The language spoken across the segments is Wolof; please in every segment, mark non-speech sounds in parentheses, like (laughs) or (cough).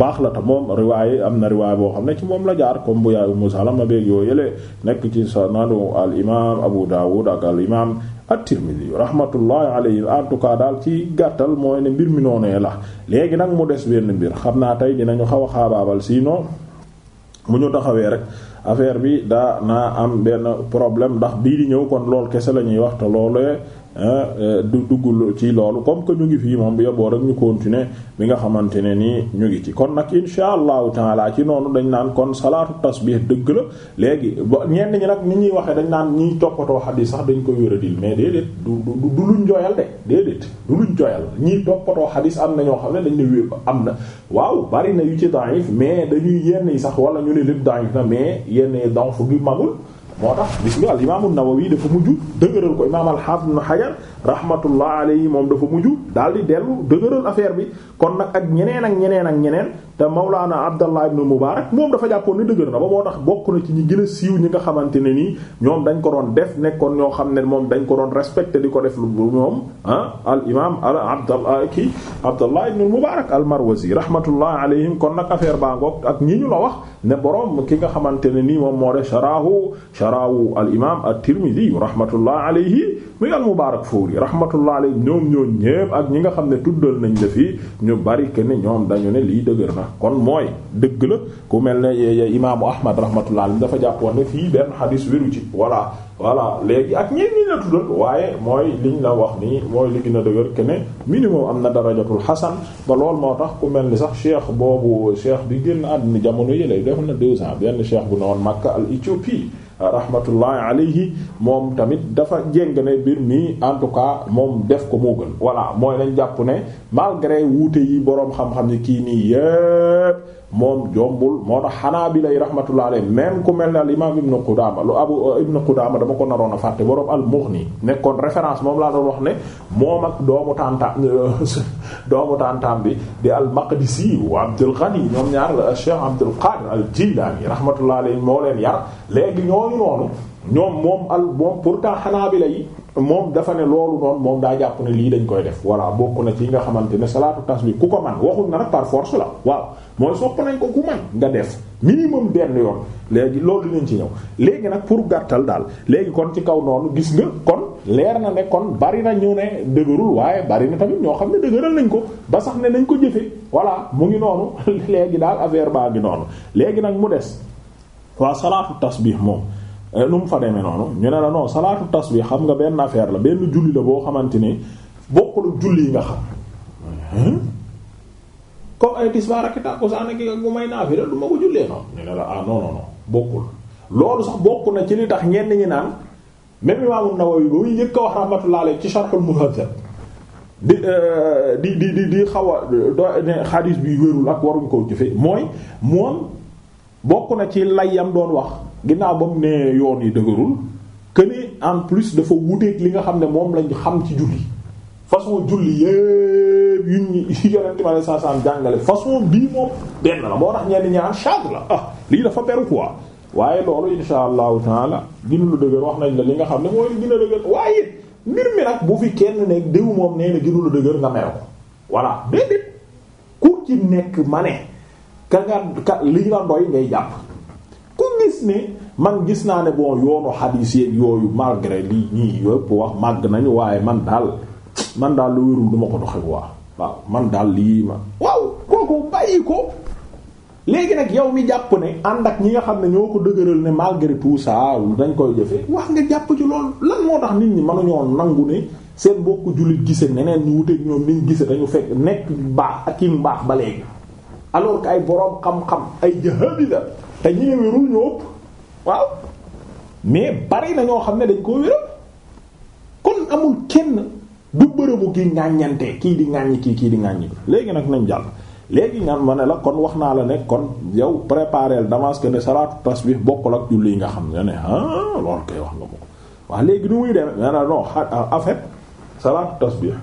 baax la te moom riwaay am na riwaay boo xam ne ci moom la jaar comme bu yaay Umu Salama beeg yoo yële nekk ci sanadu al imaam Abu Dawud ak al imaam at-Tirmidhi rahmatullahi alayhi en tout cas daal ci gàttal mooy ne mbir mi noonee la léegi nag mu des benn mbir xam naa tey dinañu xaw a si sinon mu ñu taxawee rek affaire bi daa naa am benn problème ndax bii di ñëw kon lool kese la ñuy wax Ah, eh, du duggul ci loolu comme que ñu ngi fii moom bu yoboo rek ñu continuer bi nga xamante ne nii ñu ngi ci kon nag insha allahu taala ci noonu dañ naan kon salaatu tasbih dëgg la léegi ñenn ñi nag ni ñuy waxee dañ naan ñiy toppatoo xadiis sax dañ koy wéradil mais déedéet du du du luñ joyal de déedéet du luñ joyal ñiy toppatoo xadiis am na ñoo xam ne dañ ne wér am na waaw bari na yu ci da'if mais dañuy yenn yi sax wala ñu ne lépp da'if na mais yenn yi da'fu magul moo tax gis nga al imaamu Nawawi dafa mujj dëgëral ko imaam al-Hafiz Ibn Hajar rahmatullah alayhi moom dafa mujj daal di dellu dëgëral affaire bi kon nag ak ñeneen ak ñeneen ak ñeneen te Mawlaana Abdallah ibn Mubarak moom dafa jàppoon ne dëgër na ba moo tax bokk na ci ñi gën siiw ñi nga xamante ne nii ñoom dañ ko doon def nekkoon ñoo xam ne moom dañ ko doon respecté di ko def lu moom ah al imaam al Abdallah kii Abdallah ibn Mubarak al-Marwazi rahmatullah alayhim kon nag affaire baa ak ñi ñu la wax. ne borom ki nga xamante ne nii moom moo de sharaahu sharaahu al imaam at-Tirmidhi rahmatullah alayhi muy al Mubaarakfuuri rahmatullah alayhi ñoom ñoo ñépp ak ñi nga xam ne tuddal nañ la fii ñu bari que ne ñoom dañu ne lii dëgër na kon mooy dëgg la ku mel ne imaamu Ahmad rahmatullah alayhi dafa jàppoon ne fii benn xadiis wéru ci voilà. voilà léegi ak ñeen ñi la tuddal waaye mooy liñ la wax nii mooy li gën a dëgër que minimum am na darajatul xasan ba lool moo tax ku mel ni sax cheikh boobu cheikh bi génn àddina jamono yële def na deux ans benn cheikh bu ne woon Makka al Éthiopie rahmatullahi alayhi moom tamit dafa jéng ne mbir mi en tout cas moom def ko moo gën voilà mooy lañ jàpp ne malgré wuute yi boroom xam-xam ni kii nii yépp moom jombul moo tax xanaa Hanaabila rahmatullah alayhi même ku mel ne al imaam Ibn Qudaama lu abu Ibn Qudaama dama ko naroon a fàtte borom al nii nekkoon référence moom laa doon wax ne moom ak doomu tantaam euh, (laughs) doomu tantaam bi di al-Maqdisi wa Abdul Ghani ñoom ñaar la Cheikh Abdul Qadir al-Jilani rahmatullah alayhi moo leen yar léegi ñooñu noonu ñoom moom al moom pourtant Hanaabila yi moom dafa ne loolu noonu moom daa jàpp ne lii dañ koy def voilà bokk na ci nga xamante ne salaatu tasbih ku ko man waxul na nag par force la waaw mooy sopp nañ ko ku man nga def minimum benn yoon léegi loolu leen ci ñëw léegi nag pour gàttal daal léegi kon ci kaw noonu gis nga kon leer na ne kon bari na ñu ne dëgërul waaye bari na tamit ñoo xam ne dëgëral nañ ko ba sax ne nañ ko jëfee voilà mu ngi noonu (laughs) léegi daal affaire baa ngi noonu léegi nag mu des waa salaatu tasbih moom lu euh, mu fa demee noonu ñu ne la non salaatu tasbih xam nga benn affaire la benn julli la boo xamante ni bokkul julli yi nga xam comme ay tisbaar ak tàkkusaan ak bu may naafila du ma ko jullee noonu ñu ne la ah non non bokkul loolu sax bokk na ci li tax ñenn ñi naan même Imam Nawawi ba muy njëkk a wax rahmatullahi alayhi ci Sharhul Muhazzab di euh, di di di di xaw a xadiis bi wérul ak waruñ koo jëfe mooy moom bokk na ci layam doon wax ginnaaw ba mu ne yoon yi dëgërul que ni en plus dafa wuteeg li nga xam ne moom lañ xam ci julli façon julli yépp yu ñu (laughs) yonente ma la saa saam jàngale façon bii moom benn la moo tax ñenn ñaar charge la ah lii dafa beru quoi waaye loolu insha allahu taala ginu lu dëgër wax nañ la li nga xam ne mooy gën a dëgër waaye mbir mi nag bu fi kenn ne diw moom nee na dëgër nga meew ko voilà déedéet ku ci nekk ma ne ka nga li nga ndoy ngay jàpp ku gis ne man gis naa ne bon yoonu xadiis yeeg yooyu malgré lii ñii yëpp wax màgg nañu waaye man daal man daal lu wérul du ma ko doxe waa waaw man daal lii ma waaw kooku bàyyi ko léegi nag yow mi jàpp ne ànd ak ñi nga xam ne ñoo ko dëgëral ne malgré tout ça dañ koy jëfe wax nga jàpp ci loolu lan moo tax nit ñi mënuñoo nangu ne seen bokku jullit gise neneen ñu wuteeg ñoom niñ gise dañu fekk nekk baax ak i mbaax ba léegi alors que ay boroom xam-xam ay jahadi la te ñi wérul ñoo ëpp waaw mais bari na ñoo xam ne dañ koo a kon amul kenn du bërëbu ki ŋàññante kii di ŋàññi kii kii di ŋàññi léegi nag nañ jàll léegi ngan ma ne la kon wax naa la ne kon yow préparer d'avance que ne salaatu tasbih bokkul ak julli yi nga xam ne ne ah loolu koy wax nga ma ko waaw léegi nu muy demee nee na non ah, en fait salaatu tasbih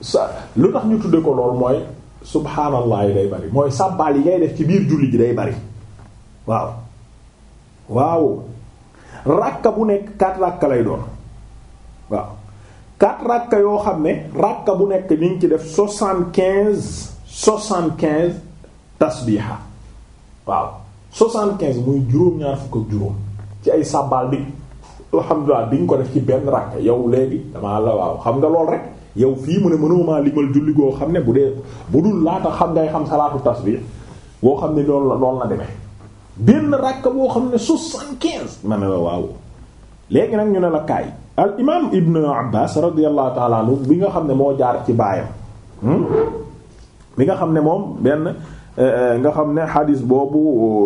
sa lu tax ñu tudde ko lool mooy. subhaanallah yi day bari mooy sàbbaal yi ngay def ci biir julli ji day bari waaw waaw ràkka bu nekk quatre ràkka lay doon waaw quatre ràkka yoo xam ne ràkka bu nekk ñu ngi ci def soixante-quinze soixante-quinze tasbiixa waaw soixante-quinze muy juróom-ñaar fukk ak juróom ci ay sàbbaal bi alhamdulilah bi ñu ko def ci benn ràkka yow léegi damaa la waaw xam nga lool rek yow fii mu ne mënuma limal julli goo xam ne bu dee bu dul laata xam ngay xam salaatu tasbih boo xam ne loolu la loolu la demee benn rakk boo xam ne soixante-quinze ma ne waaw léegi nag ñu ne la kaay al imaam ibnu abbas radiallahu taala anhu bi nga xam ne moo jaar ci baayam bi hmm? nga xam ne moom benn Eh, eh, nga xam ne xadis boobu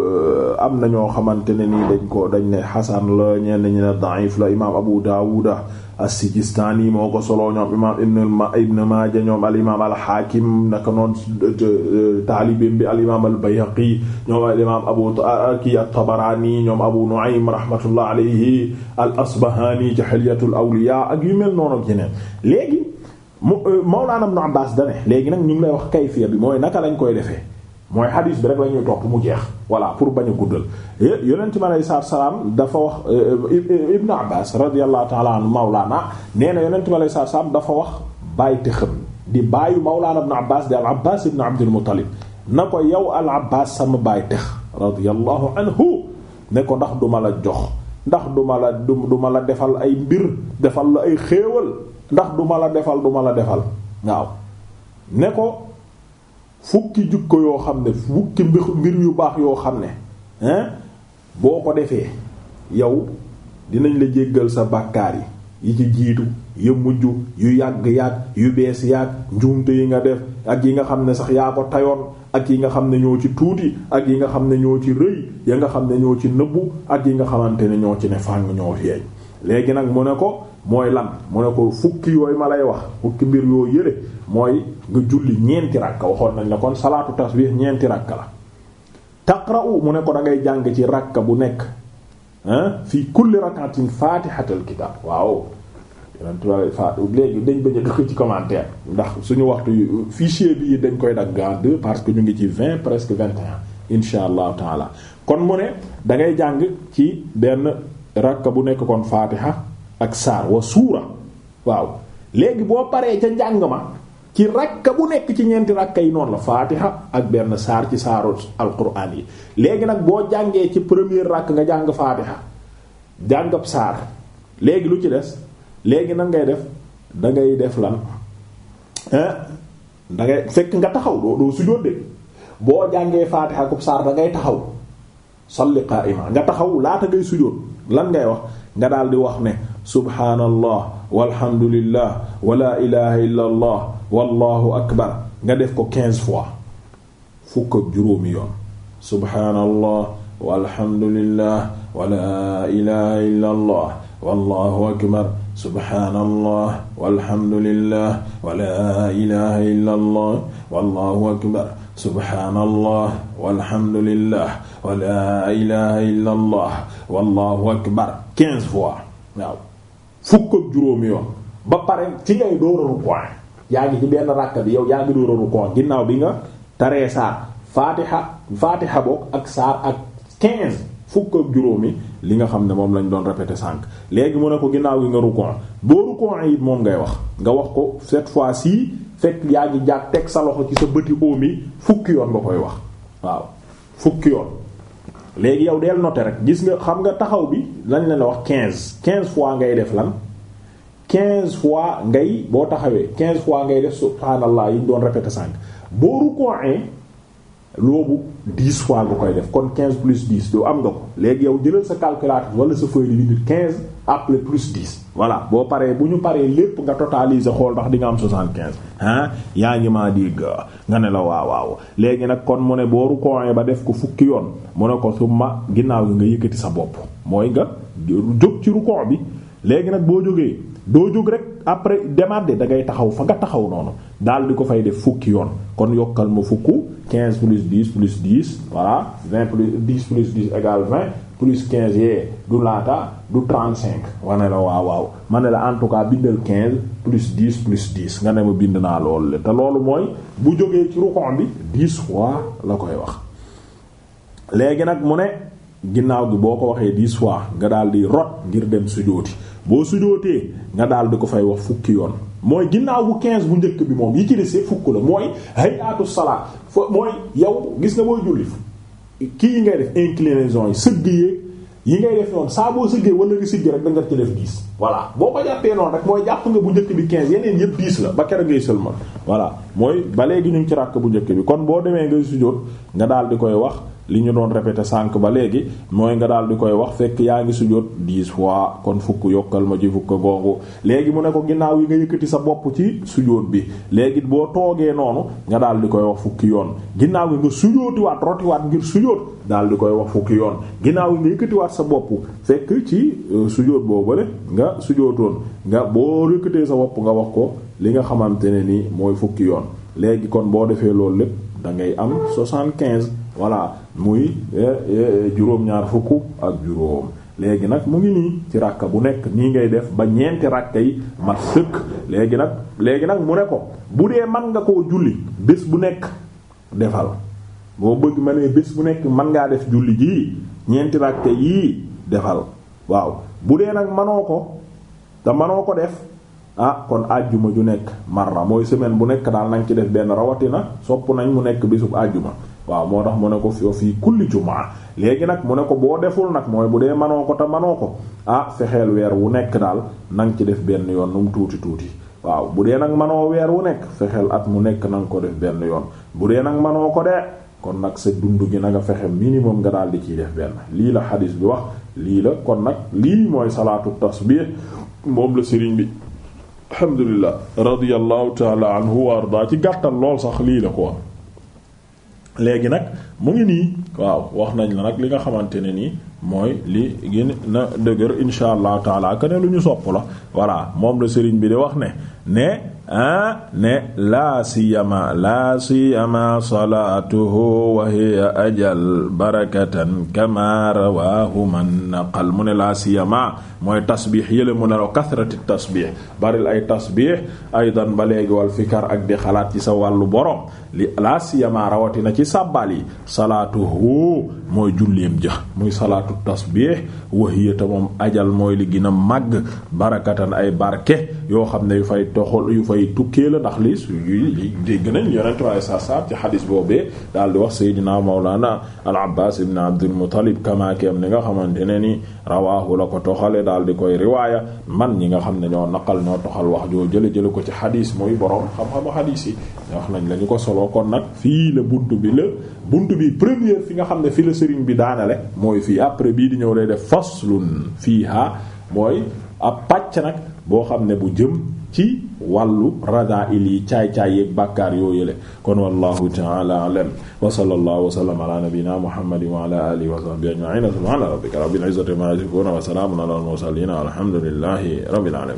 eh, am na ñoo xamante ne ni dañ ko dañ ne xasan la ñenn ñi ne da'if la imaam Abu Daawuda as-Sijistaani moo ko ñoom imaam ibn ibn al imaam al Haakim naka bi al imaam al Bayhaqi ñoom al imaam Abu ki at-Tabaraani ñoom Abu Nu'aym rahmatullah alayhi al Asbahaani ci Hilyatul Awliyaa ak yu mel noonu ak yeneen léegi Mawlaana Ibn Abbaas dane léegi nag ñu ngi lay wax kayfiya bi mooy naka lañ koy defee mooy xadiis bi rek la ñuy mu jeex voilà pour bañ a guddal yonent bi aleyhi salaatu salaam dafa wax euh, euh, euh, Ibn Abbas radiyallahu ta'ala anhu mawlaana nee na yonent bi aleyhi salaatu salaam dafa wax bàyyi te di bàyyi mawlaana Ibn Abbas di al Abbas ibn Abdul Muttalib na ko yow al Abbas sama bàyyi tex radiyallahu anhu ne ko ndax duma la jox ndax duma la du duma la defal ay mbir defal la ay xéewal ndax duma la defal duma la defal waaw ne ko fukki jukko yoo xam ne fukki mbir yu baax yoo xam ne hein boo ko defee yow dinañ la jéggal sa bàkkaar yi yi ci jiitu yu mujj yu yàgg-yàgg yu bees yàgg njuumte yi nga def ak yi nga xam ne sax yaa ko tayoon ak yi nga xam ne ñoo ci tuuti ak yi nga xam ne ñoo ci rëy ya nga xam ne ñoo ci nëbbu ak yi nga xamante ne ñoo ci ne fàng ñoo feeñ léegi nag mu ne ko mooy lan mu ne ko fukki yooyu ma lay wax fukki mbir yoo yële mooy nga julli ñeenti ràkka waxoon nañ la kon salaatu tasbih ñeenti ràkka la taqra'u mu ne ko da ngay jàng ci ràkka bu nekk fii kulli rak'atin fatihatul kitab waaw yeneen fa léegi dañ bañ a ci commentaire ndax suñu waxtu fichier bi dañ koy dagg en parce que ñu ngi ci vingt presque vingt et un insha allahu taala kon mu ne da ngay jàng ci benn rakka bu nekk kon fatiha ak saar wa suura waaw léegi boo paree ca njàng ma ci rakka bu nekk ci ñeenti rakka yi noonu la faatiha ak benn saar ci saaru alquran yi léegi nag boo jàngee ci première ràkk nga jàng faatiha jàngab saar léegi lu ci des léegi nag ngay def dangay def lan da ngay fekk nga taxaw doo doo sujjóot de boo jàngee faatiha akub saar da ngay taxaw salli qaa'ima nga taxaw laata ngay sujjóot lan ngay wax nga daal di wax ne subhaanallah walhamdulillah wala ilaha illa allah wallahu akbar nga def ko quinze fois fukk ak juróomi yoon subhaanallah walhamdulillah wala ilaha illa allah wallahu akbar subhaanallah walhamdulillah wala ilaha illa allah wallahu akbar subhaanallah walhamdulillah wala ilaha illa allah wallahu akbar quinze fois waaw fukk ak juróomi yoon ba pare ci ngay door a rukkoo yaa ngi ci benn ràkk bi yow yaa ngi door a ginnaaw bi nga taree saar faatiha faatiha boog ak saar ak 15 fukk ak juróomi li nga xam ne moom lañ doon répété sànq léegi mu ne ko ginnaaw gi nga rukkoo boo rukkoo it moom ngay wax nga wax ko cette fois-ci fekk yaa ngi jàpp teg sa loxo ci sa bëti óom yi fukki yoon nga koy wax waaw fukki yoon. léegi yow del noter rek gis nga xam nga taxaw bi lañ leen wax quinze quinze fois ngay def lan quinze fois ngay boo taxawee quinze fois ngay def subhaanallah yi ñu doon répéter sànq boo rukkoo loobu dix fois nga koy def kon quinze plus dix doo am nga ko léegi yow jëlal sa calculatrice wala sa feuille de minute quinze après plus dix voilà boo paree bu ñu paree lépp nga totaliser xool ndax dinga nga am soixante quinze ah yaa ngi maa dégg nga ne la waaw waaw léegi nag kon mu ne booru koonee ba def ko fukki yoon mu ne ko su ma ginnaaw gi nga yëkkati sa bopp mooy nga jóg ci rukoon bi léegi nag boo jógee doo jóg rek après demander da ngay taxaw fa nga taxaw noonu daal di ko fay def fukki yoon kon yokkal ma fukku 15 plus 10 plus 10 voilà 20 plus 10 plus 10 égale 20 plus 15 yee du laata du 35 ma ne la waaw waaw ma ne la en tout cas bindal 15 plus 10 plus 10 nga ne ma bind naa loolu la te loolu mooy bu jógee ci ruqon bi 10 fois la koy wax léegi nag mu ne. ginnaaw gi boo ko waxee dix fois nga daal di rot ngir dem sujooti boo sujootee nga daal di ko fay wax fukki yoon mooy ginnaaw bu 15 bu njëkk bi moom yi ci desee fukk la mooy hayatu salaat fo mooy yow gis nga booy julli kii yi ngay def inclinaison yi sëgg yeeg yi ngay def noonu saa boo sëggee wala nga sëgg rek da nga ci def 10 voilà boo ko jàppee noonu rek mooy jàpp nga bu njëkk bi 15 yeneen yëpp 10 la ba keroog ngay sëlmal voilà mooy ba léegi ñu ngi ci ràkk bu njëkk bi kon boo demee ngay sujoot nga daal di koy wax li ñu doon répété sànq ba léegi mooy nga daal di koy wax fekk yaa ngi sujjóot dix fois kon fukk yokkal ma ci fukk googu léegi mu ne ko ginnaaw yi nga yëkkati sa bopp ci sujjóot bi léegi boo toogee noonu nga daal di koy wax fukki yoon ginnaaw yi nga sujjóotiwaat ngir sujjóot daal di koy wax fukki yoon ginnaaw yi nga sa bopp fekk ci euh, sujjóot boobale nga sujjóotoon nga boo yëkkatee sa bopp nga wax ko li nga xamante ne nii mooy fukki yoon léegi kon boo defee loolu lépp da ngay am soixante-quinze voilà muy e, e, juróom-ñaar fukk ak juróom léegi nag mu ngi nii ci rakka bu nekk nii ngay def ba ñeenti rakka yi mat sëkk léegi nag léegi nag mu ne ko bu dee man nga koo julli bés bu nekk defal boo bëgg ma ne bés bu nekk man ngaa def julli jii ñeenti rakka yii defal waaw bu dee nag manoo ko te manoo ko def ah kon àjjuma ju nekk mar marra mooy semaine bu nekk daal nañ ci def benn rawatina sopp nañ mu nekk bésu àjjuma waaw moo tax mu ne ko fi fii kulli jumaa léegi nag mu ne ko boo deful nag mooy bu dee manoo ko te manoo ko ah fexeel weer wu nekk daal na nga ci def benn yoon nu mu tuuti tuuti waaw bu dee nag manoo weer wu nekk fexeel at mu nekk nanga nga ko def benn yoon bu dee nag manoo ko dee kon nag sa dund gi na nga fexe minimum nga daal di ciy def benn lii la xadis bi wax lii la kon nag lii mooy salaatu tasbih moom la sëriñ bi alhamdulillah radiyallahu taala anhu wa arda ci gàttal lool sax lii ko léegi nag mu ngi nii waaw wax nañ la nag li nga xamante ne nii mooy li gën na dëgër insha allahu taala que ne lu ñu sopp la voilà moom la sëriñ bi di wax ne ne ah ne laa siyama laa siyama salaatuhu wa ajal barakatan kama rawahu man naqal mu ne laa mooy tasbix yële mu ne la kasrati baril ay tasbix aydan ba léegi wal fikar ak di xalaat ci sa wàllu borom li laa rawatina ci sàbbaal yi salaatuhu mooy julleem ja muy salaatu tasbix wa hiya ajal mooy li gën a màgg barakatan ay barke yoo xam ne yu fay toxol yu fay koy tukkee la ndax li suñuy li dégg nañ yonent waaye saa saa ci xadis boobee daal di wax Seydina Mawlana al Abbas ibn Abdul Muttalib kamaakeem ni nga xamante ne ni rawaahu la ko toxale daal di koy riwaaya man ñi nga xam ne ñoo naqal ñoo toxal wax joo jële jële ko ci xadis muy borom xam-xamu xadis yi wax nañ la ko soloo kon nag fii la bunt bi la bunt bi première fi nga xam ne fi la sëriñ bi daanale mooy fii après bii di ñëw lay def faslun fiiha mooy ab pàcc nag boo xam ne wàllu rada il yi caay-caay yeeg bàkkaar yoo yële kon wallahu ta'ala a'lam wa sallallahu wa sallama ala nabiyyina muhammadin wa ala alihi wa sahbihi ajma'in subhana rabbika rabbil izzati amma yasifun wa salamun ala al mursalin alhamdulillahi rabbil alamin